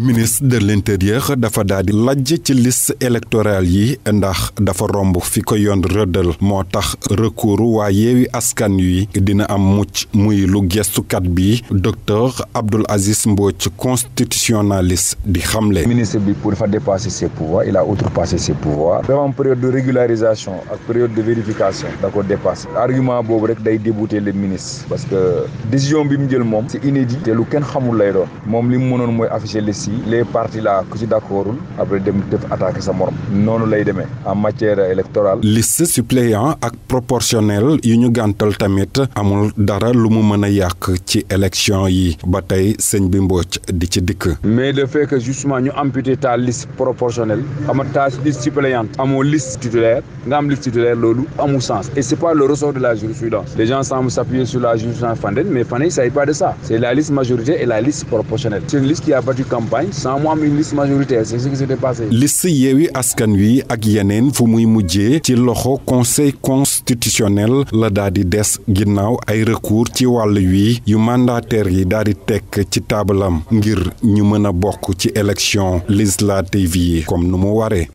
ministre de l'intérieur dafa daal di lajj ci liste électorale yi ndax dafa romb fi ko yoon rëddal moo tax recours waa yeewi askan wi dina am mucc muy lu gestukat bi docteur Abdoul Aziz ci constitutionnaliste di xamle. ministre bi pour dafa dépasser ses pouvoirs il a outrepassé ses pouvoirs. dafa am période de régularisation ak période de vérification da ko dépassé. argument boobu rek day débouter le ministre. parce que décision bi mu jël moom. c'est inédit. te kenn xamul lay si les partis là ku ci d'accordul après dem def attaquer sa morom noonu lay demee en matière électorale liste suppléant ak proportionnel yu ñu gàntal tamit amul dara lu mu mën a yàq ci élection yi ba tey sëñ bi Mbodj di ci dikk mais le fait que justement ñu amputé ta liste proportionnelle ama ta liste suppléante amoo liste titulaire nga am liste titulaire loolu amul sens et c'est pas le ressort de la jurisprudence les gens semblent s'appuyer sur la jurisprudence Fandène mais Fandène ça pas de ça c'est la liste majoritaire et la liste proportionnelle c'est une liste campagne sans mu am une liste majoritaire c'est ce yeewi askan wii ak yeneen fu muy mujje ci loxo conseil constitutionnel la daa di des ginnaaw ay recours ci wàll wii yu mandataire yi daa di tekk ci taabalam ngir ñu mën a bokk ci élection législative yi comme nu mu waree.